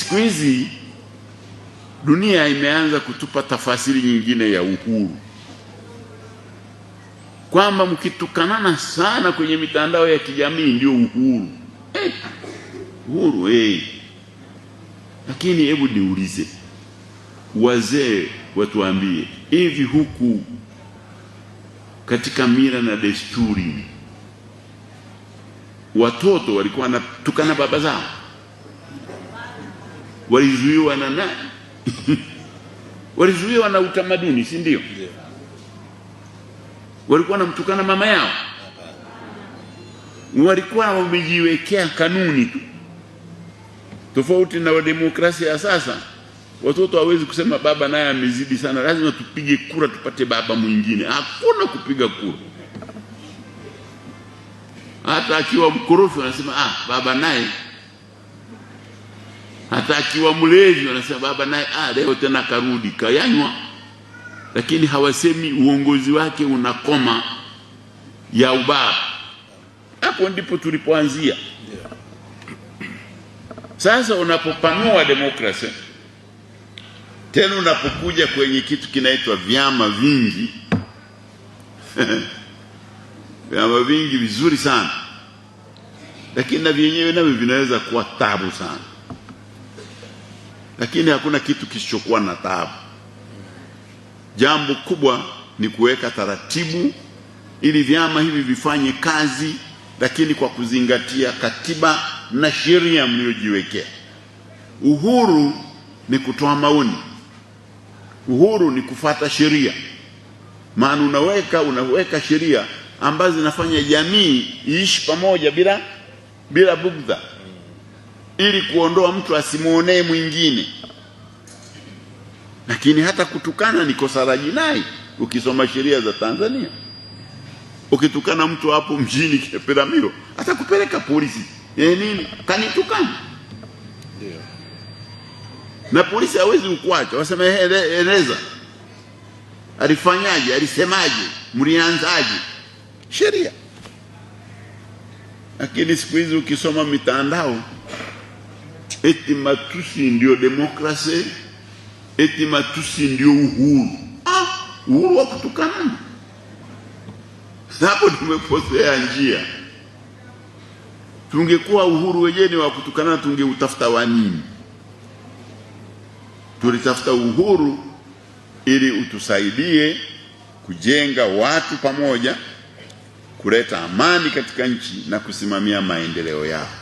siku hizi dunia imeanza kutupa tafasiri nyingine ya uhuru, kwamba mkitukanana sana kwenye mitandao ya kijamii ndio uhuru. Eh, uhuru eh. Lakini hebu niulize, wazee watuambie, hivi huku katika mira na desturi watoto walikuwa wanatukana baba zao? walizuiwa na nani? walizuiwa na utamaduni, si ndio? Walikuwa namtukana mama yao, walikuwa wamejiwekea kanuni tu, tofauti na wademokrasia ya sasa. Watoto hawezi kusema baba naye amezidi sana, lazima tupige kura tupate baba mwingine. Hakuna kupiga kura, hata akiwa mkorofi wanasema ah, baba naye hata akiwa mlevi wanasema baba naye ah, leo tena karudi kayanywa, lakini hawasemi uongozi wake unakoma ya ubaba. Hapo ndipo tulipoanzia. Sasa unapopanua demokrasi tena, unapokuja kwenye kitu kinaitwa vyama vingi vyama vingi vizuri sana, lakini na vyenyewe navyo vinaweza kuwa tabu sana lakini hakuna kitu kisichokuwa na taabu. Jambo kubwa ni kuweka taratibu ili vyama hivi vifanye kazi, lakini kwa kuzingatia katiba na sheria mliojiwekea. Uhuru ni kutoa maoni, uhuru ni kufata sheria, maana unaweka unaweka sheria ambazo zinafanya jamii iishi pamoja bila bila bugdha ili kuondoa mtu asimwonee mwingine. Lakini hata kutukana ni kosa la jinai, ukisoma sheria za Tanzania. Ukitukana mtu hapo mjini hata kupeleka polisi. E, nini kanitukana? Na polisi hawezi kukuacha, waseme eleza alifanyaje, alisemaje, mlianzaje? Sheria. Lakini siku hizi ukisoma mitandao eti matusi ndio demokrasi, eti matusi ndio uhuru. Ah, uhuru wa kutukanana? Hapo tumeposea njia. Tungekuwa uhuru wenyewe ni wa kutukanana, tungeutafuta wa nini? Tulitafuta uhuru ili utusaidie kujenga watu pamoja, kuleta amani katika nchi na kusimamia maendeleo yao.